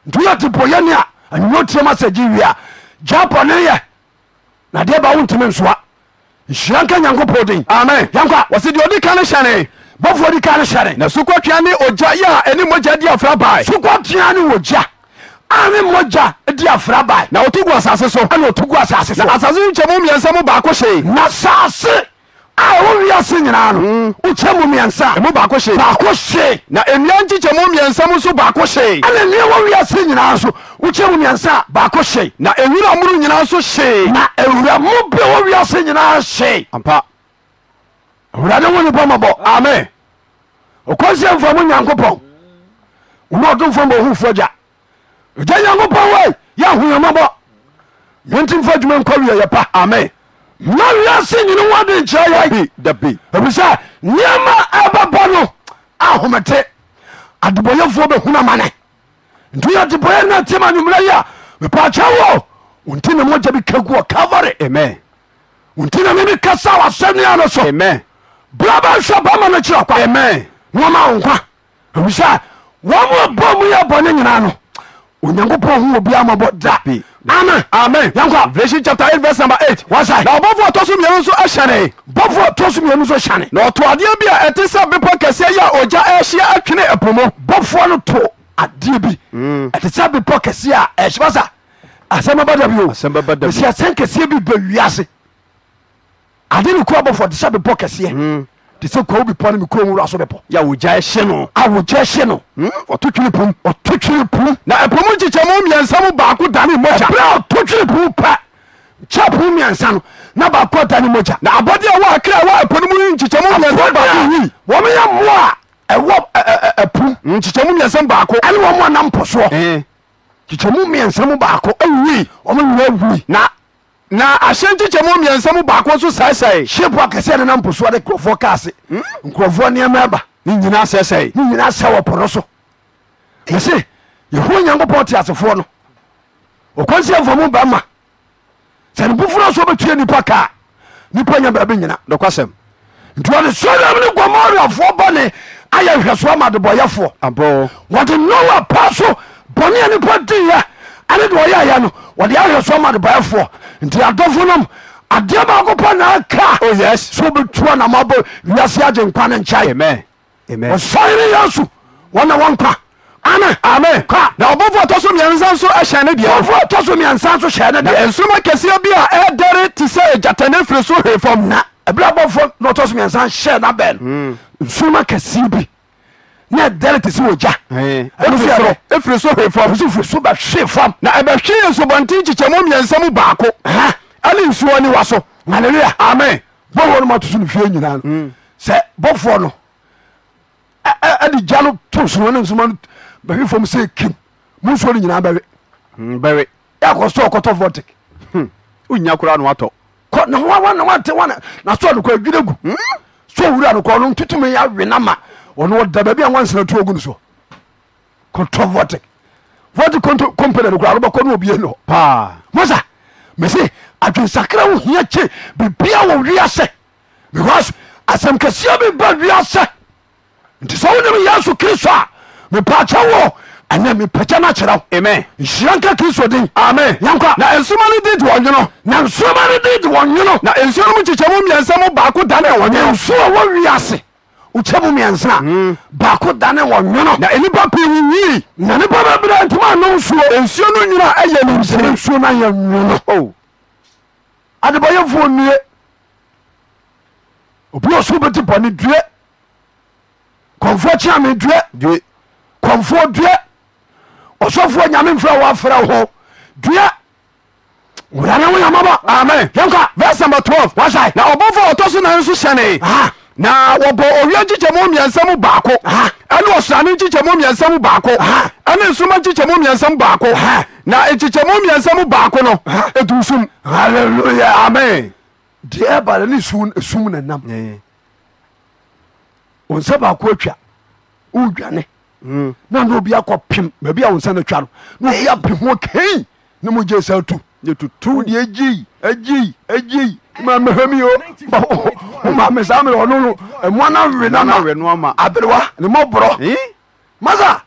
nti yɛ adebɔyɛ ni a anyinɛ tiɛ ma sɛ gyi wia gya bɔnne yɛ na deɛ ba wo ntumi nhyira nka nyankopɔn amen yɛnkwa wɔse deɛ ɔdi ka no hyɛne bɔfoɔ di ka no hyɛne na sukɔtua ne ogya yɛ a ɛne mogya di afra bae sukɔtua ne ogya ane mogya di afra bae na ɔto gu asase so ɛna ɔto gu asase so na asase no nkyɛmu mmiɛnsa mu baako hyee na saase wowiase nyinaa no hmm. wokyɛ mu miɛnsabaako hye na nnua nkyekyɛ mu miɛnsa m nso baako hyee ɛne nnua wowiase nyinaa nso wokyɛ mu miɛnsa baako hyee na ɛwura moro nyinaa nso hyee na ɛwura mu bɛ wowiase nyinaa hyee ampa awurade wo nipa mɔbɔ amen ɔkɔnsiɛ mfa mu nyankopɔn wona ɔdomfo ma ɔhufoɔ gya ɛgya nyankopɔn wei yɛ ahoyamabɔ yɛnti mfa adwuma nkɔ wieyɛ pa amen na wiase nyene wade nkyerɛ yɛ ebisɛ nneɛma ɛbɛbɔ no ahomete adebɔyɛfoɔ bɛhunu amane nti adebɔyɛ no atiɛma anwummerɛ yi a mepaakyɛ wo onti na mogya bi ka gu kavare amen onti na meme kasa wasɛm no ano so amen bra bɛhwɛ bama no kyerɛ kwa amen na ɔma wo nkwa ebisɛ wɔmɔbɔ mu yɛ bɔne nyinaa no onyankopɔn ho wɔ da amen amen yankwa Revelation chapter eight verse number eight wasa na ɔbɔfo ɔtɔ so mmienu nso ɛhyɛne bɔfo ɔtɔ so mmienu nso hyɛne na ɔto adeɛ bi a ɛte sɛ bepɔ kɛseɛ yi a ogya ɛhyia atwene ɛpo mu bɔfoɔ no to adeɛ bi ɛte sɛ bepɔ kɛseɛ a ɛhye wasa asɛm bɛda bi oɛsi asɛm kɛseɛ bi bɛ wiase Adi ne kura bɔfoɔ te sɛ bepɔ kɛseɛ te sɛ kwa wobi pɔ no mekuro ah, mu wura so bɛpɔ yɛwogya hye no awogya hmm? hye no ɔto twene pum ɔto twene pum na ɛpo mu kyekyɛ mu mmiɛnsa mu baako dane mmɔgya berɛ ɔto twene pum pɛ kyɛ po mmiɛnsa no na baako dani mmɔgya na abɔde a wɔ akra wɔ ɛpo no mu nkyekyɛ mu mmiɛnsa baako wi wɔmeyɛ a ɛwɔ ɛpu hmm, nkyekyɛ mu baako ɛne wɔmmoa nam po soɔ eh. kyekyɛ mu mu baako awie ɔmo nyinaa wui na na ahyɛ nkyekyɛ mu mmiɛnsa mu baako nso sɛesɛe ship akɛseɛ ne nam posoa de nkurɔfoɔ kaa se hmm, nkurɔfoɔ nneɛma ɛba ne nyinaa sɛesɛe ne nyinaa sɛ wɔ po no so me se yɛho nyankopɔn te asefoɔ no ɔkwansi amfa mu bɛma sɛ ne boforo so bɛtua nipa kaa nipa nya baabi nyina dɔkwasɛm nti wɔde sodom ne gomoriafoɔ bɔne ayɛ hwɛsoa ma adebɔyɛfoɔ wɔde noa pa so bɔne a nipa diiɛ ane de wɔyɛyɛ no wɔde ahwɛ so ma debaɛfoɔ nti adɔfo nom adeɛ baako pa na aka oh, sɛ wobɛtua namabɔ wiase agye nkwa no nkyɛe ɔsɔre yesu wɔne wɔnkwa ame ame ka na ɔbɔfo ɔtɔ so mmiɛnsa nso ɛhyɛ ne deɛ ɔbɔfo ɔtɔ so mmiɛnsa nso hyɛ ne deɛ nsoma kɛseɛ bi a ɛdɛre te sɛ gyata ne firi so hwee fam na ɛberɛ abɔfo na ɔtɔ so mmiɛnsa hyɛ na bɛn nsoma kɛseɛ bi ne ɛdɛre te sɛ wɔgya ɛfiri so hwe fam so firi so bɛhwe fam na ɛbɛhwe nsubɔnten kyekyɛmu mmiɛnsa mu baako ɛne nsuo ne wa so halleluya amen bɔfoɔ no matoso no hwie nyinaa no mm. sɛ bɔfoɔ no ɛde gya no to sono ne nsoma no bɛhwe fam sɛ kim mu nsuo no nyinaa bɛwe mm, bɛwe ɛkɔ so ɔkɔtɔ vortic hmm. wonya koraa no watɔ na wate wana na so adokɔ adwina gu hmm? so owura adokɔ no ntotumi yɛ awe na ma ɔno wɔda baabi a wansana tu ogu no so kɔtɔ votic votic company no kora wobɛkɔ no obie no paa mosa mese adwensakra wo hia kye bibia wɔ wiase because asɛm kɛseɛ bi ba wiase nti sɛ wonem yesu kristo a mepaakyɛ wo ɛnɛ mepɛkyɛ no akyerɛ wo amen nhyira nka kristo din amen yankwa na nsoma no di de wɔ nwono na nsoma no di de wɔ nwono na nsuo no mu kyekyɛ mu mmiɛnsa mu baako dane ɛwɔ nwono nsuo wɔ wiase wokyɛmu miɛnsena baako dane wɔ nwono na nipa pii wuwii na nipa bɛbrɛ ntoma ano nsuo nsuo no nyina ɛyɛ nomsere nsuo no ayɛ nwono adebɔyɛfoɔ nnue obi ɔso bɛti bɔne due kɔnfoɔ kyeame due kɔnfoɔ due ɔsɔfoɔ nyame mfrɛ wɔafrɛ ho due wurane wo yamabɔ amen yɛnka verse number 12 wasa na ɔbɔfoɔ ɔtɔ so nanso hyɛne na wɔbɔ owia nkyekyɛmu mmiɛnsa mu baako ɛne ɔsrane nkyekyɛmu mmiɛnsa mu baako ɛne nsoma nkyekyɛmu mmiɛnsa mu baako na nkyekyɛmu mmiɛnsa mu baako no ɛdu sum halleluya amen deɛ ɛbare ne sum na nam wo nsa baako atwa wodwane hmm. na na obi akɔ pem baabi a wo nsa no atwa no na obi apem ho kei ne mogye sa tu yɛtutu deɛ agyii agyii agyii mamehwɛ mi o mame saa mmerɛ ɔno no ɛmoa no we no ma aberewa hmm. ne mɔborɔ masa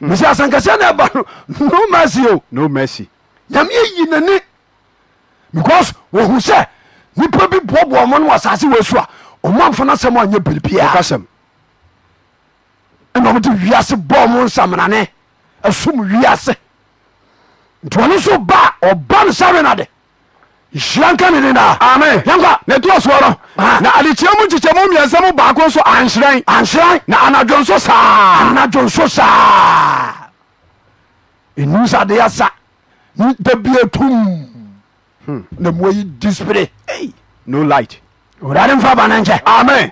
mesɛ asankɛsɛ na ɛba no no mercy o no mercy nyame yi n'ani because wɔhu sɛ nipa bi boaboa mo no wɔ asase wɔ su a ɔmamfa no asɛm anyɛ biribiaasɛm ɛna ɔmde wiase bɔɔ mo nsamanane ɛsom wiase nti ɔno so ba ɔba no sare no ade nhyira nka mene daa ame yɛnkwa na ɛtoa soɔ no na adekyea mu nkyekyɛ mu mmiɛnsa mu baako nso anhyerɛn anhyerɛn na anadwo nso saa anadwo nso saa ɛnim sa deɛ sa nipa bia tum hmm. na mmoa yi dispire no light owurade mfa ba no nkyɛ amen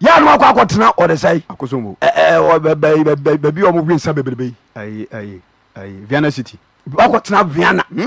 yà ni wọn kọ akọtena ọdẹsẹ yìí bẹẹbi ọmọ wi nsa bebrebe yìí. ayi ayi ayi Vienna city. wọn kọ tena Vienna. Hmm?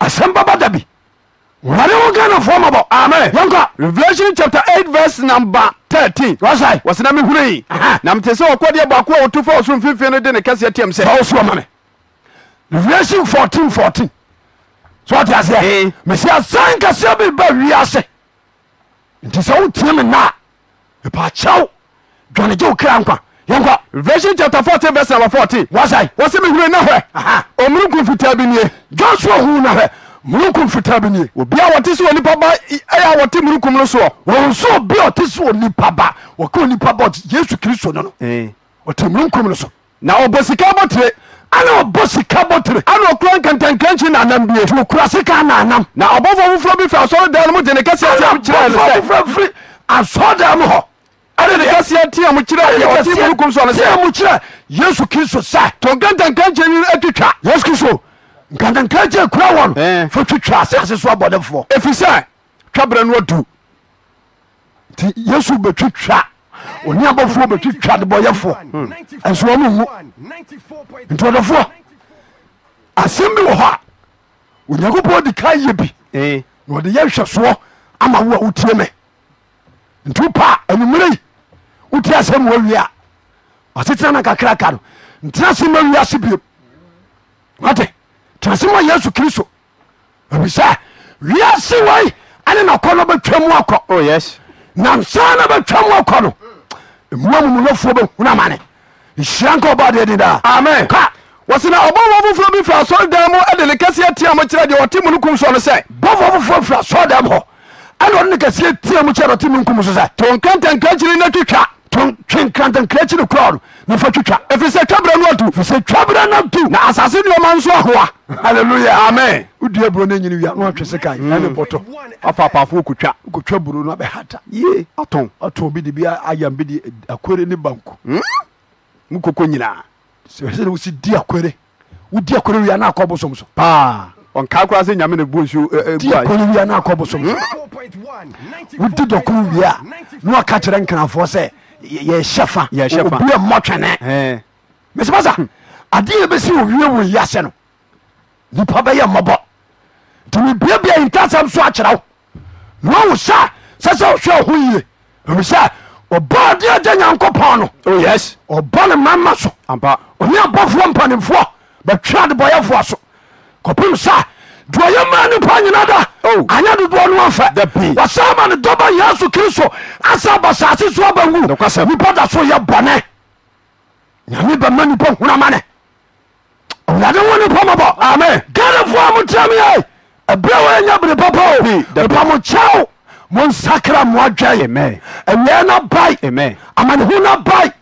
asɛm bɛba da bi wurade wo ghanafoɔ mabɔ amen yɛnka revelation chapter 8 verse number 13 wasai wɔsena mehurei na mete sɛ ɔkɔdeɛ baako a wɔto fa ɔsoro mfimfie no de ne kɛseɛ tiam sɛ ɔwo soɔ ma me revelation 14 14 so ɔte aseɛ eh. mesi asan kɛseɛ bi ba wiase nti sɛ wotia me na a mepaakyɛw dwanegye wo kra nkwa yɛnkɔ revelation chapter fourteen verse number fourteen. wasaɛ. wɔsi mi hure na hwɛ. omunukun fitaa bi nie. joshua hu na hwɛ. munukun fitaa bi nie. obi a wɔte sɛ onipa ba ɛyɛ a wɔte munukun no soɔ. wɔn nso obi a ɔte sɛ onipa ba wɔkɛ onipa ba yesu kristo no no. Eh. ɔte munukun no so. na ɔbɔ sika abotire. ana ɔbɔ sika abotire. ana ɔkura nkɛntɛnkɛnkye na anam bie. na ɔkura sika na anam. na ɔbɔfo foforɔ bi fɛ asɔre dan mu de ne kɛseɛ ti a kyerɛ ne sɛ. asɔre dan mu hɔ ɛne ne kɛseɛ ntea mo kyerɛ ɔtemulukum sɔne sɛ mo kyerɛ yesu kristo sa to nkantankankyɛ ni atwitwa yesu kristo nkantankankyɛ kura wɔ no eh. fa twitwa asase so abɔdefoɔ ɛfiri sɛ twaberɛ no adu nti yesu bɛtwitwa oni abɔfoɔ bɛtwitwa debɔyɛfoɔ ɛnso hmm. e ɔmo mu nti ɔdɔfoɔ asɛm bi wɔ hɔ a onyankopɔn di ka yɛ bi eh. na ɔde yɛ hwɛ soɔ ama wo a wotie me nti wopa anwummerɛ yi woti asɛm wawie a ɔsetena no kakraka no ntena se ma wiase biom ate tena se ma yesu kristo ebisa wiase wei ane nakɔ no bɛtwa mu akɔ nansa oh, na bɛtwa mu akɔ no mmua mumulɔfoɔ bɛhuna mane nhyira nka ɔbɔ adeɛ din daa amen ka wɔsena ɔbɔfoɔ foforɔ bi firi asɔredan mu de ne kɛseɛ tea mo kyerɛ deɛ ɔte mu no kum sɔ no sɛ bɔfoɔ foforɔ firi asɔredan mu hɔ ɛne ɔde ne kɛseɛ tea mu kyerɛ deɛ ɔte mu no kum so sɛ tonkantanka kyiri na twitwa twenkranta nkrakyire kora no na fa twitwa ɛfiri sɛ twabra no atu ɛfiri sɛ twabra no atu na asase nneɔma nso ahoa halleluya amen wodi aburo no nyini wia na watwe se kae mm. ɛne bɔtɔ afaapaafoɔ kotwa kotwa buro no abɛhata ye atɔn atɔn bi de bi ayam bi de akwere ne banku mm? mu koko nyinaa sɛ ne wosi di akwere wodi akwere wia na akɔ bosom so paa ɔnkaa kora sɛ nyame ne bo nsuodiakɔno eh, eh, wia na akɔ bosom so wodi dɔkono wie a na waka kyerɛ nkrafoɔ sɛ yɛhyɛ fa obi mmɔ twene mesɛmɛ hmm. sa adeɛ yɛbɛsi owie wo yiase no nipa bɛyɛ mmɔbɔ nti mebiabia ntasɛm so akyerɛ wo na wawo sa sɛ sɛ wohwɛ ho yie ebisɛ ɔba adeɛ agya nyankopɔn Oh yes ɔba ne mama so ɔne abɔfoɔ mpanimfoɔ bɛtwerɛ adebɔyɛfoɔ so kɔpem sa duayɛ ma nipa nyina da oh. anyɛ dodoɔ no amfɛ wɔsa ma ne dɔba yesu kristo asa ba saase so aba wu nipa da so yɛ bɔne nyame bɛma nipa hunama ne ɔwurade wo nipa mɔbɔ amen ganafoɔ a motiam yɛ ɛberɛ wɔ ɛnya bere papa o nipa mo kyɛw mo nsakra mmoadwɛ ɛwiɛ no bae amane ho no bae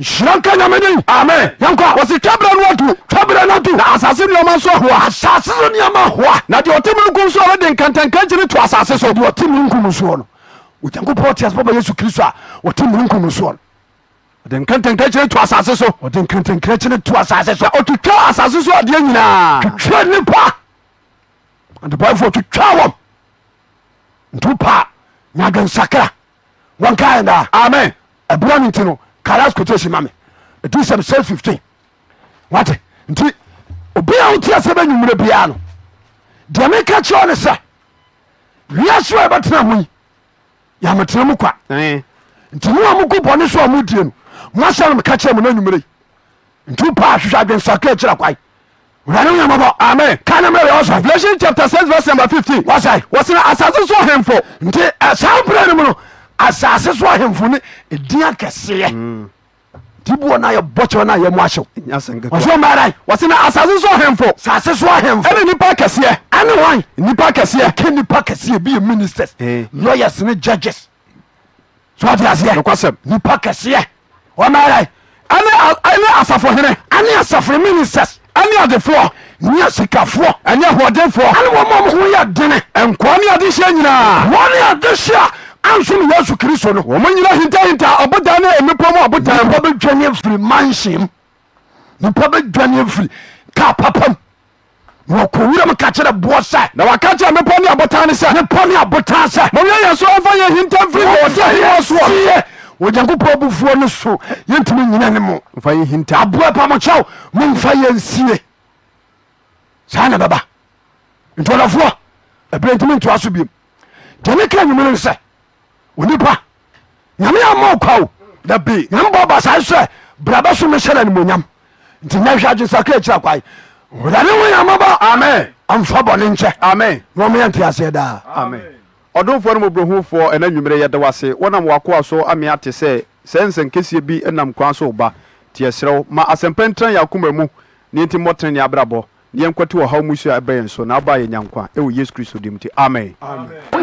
nhyira nka nyame den amen yɛnkɔ wɔsi twabere no atu twabere no atu na asase nneɛma nso ahoa asase so nneɛma ahoa na deɛ ɔte mu nkum so a wɔde nkantankankyere to asase so deɛ ɔte mu nkum soɔ no onyankopɔn te asopɔ ba yesu kristo a ɔte mu nkum soɔ no ɔde nkantankankyere to asase so ɔde nkantankankyere to asase so ɔtwitwa asase so adeɛ nyinaa twitwa nipa adebɔfoɔ twitwa wɔm nti wo paa nyadwensakra wɔnkaɛ daa amen ɛboa no nti no karas quotation mame ɛtu sɛm sɛ 15 wate nti obia wotia sɛ bɛnwummerɛ biaa no deɛ meka kyerɛw ne sɛ wiase a yɛbɛtena ho yi yɛametena mu kwa nti moa moko bɔne so a modie no moasɛ no meka kyerɛ mo no anwummerɛ yi nti wopaa hwehwɛ adwensakra kyerɛ kwae revelation chapter 6 verse number 15 wɔsɛ wɔsena asase so hemfo nti saa berɛ no mu no asase so ahemfo no ɛdin akɛseɛ dibuɔ no yɛ bɔkyɛw no yɛ mu ahyewɔsomara wɔsena asase so ahemfo sase so ahemfo ɛne nipa kɛseɛ ɛne wan nipa kɛseɛ ke nipa kɛseɛ bi yɛ ministers eh. lawyers ne judges so ɔde aseɛ nokwasɛm nipa kɛseɛ ɔmara ɛne asafo hene ɛne asafo ministers ɛne adefoɔ ne asikafoɔ ɛne ahoɔdenfoɔ ɛne wɔma mo ho yɛ dene nkoa ne adehyeɛ nyinaa wɔne adehyeɛ ansom yesu kristo no wɔma nyina hintahinta ɔboda ne mmepɔ mu ɔboda nipa bɛdwane afiri manhyem nipa bɛdwane afiri ka papam wɔkɔwuram ka kyerɛ boɔ sɛ na waka kyerɛ mepɔ ne abotan ne sɛ nepɔ ne abotan sɛ mɔwɛ yɛ so ɔmfa yɛ hinta mfiri wɔsɛ yɛ soɔ onyankopɔn abufuo no so yɛntumi nyina ne mo aboa pa mo kyɛw momfa yɛ nsie saa na bɛba ntɔdɔfoɔ ɛberɛ ntumi ntoa so biom deɛ meka nwumere onipa nyame ama kwa o dabi nyame bɔ ba saa sɛ brabɛ so mehyɛra nimonyam nti nyɛ hwɛ agye sakra kyira kwae wurade wo yamabɔ amen amfa bɔne nkyɛ amen na ɔmeyɛ nte daa amen ɔdomfoɔ no mɔbrɛhufoɔ ɛna nnwumerɛ yɛda wase wɔnam wakoa so ame ate sɛ sɛ nsɛnkɛseɛ bi nam kwan so ba nti ɛserɛ ma asɛmpa ntena yɛ mu ne nti mmɔtene ne abrabɔ ne yɛnkwate wɔ haw mu so a ɛbrɛ so na aba yɛ nyankwa ɛwɔ yesu kristo dim nti amen. amen.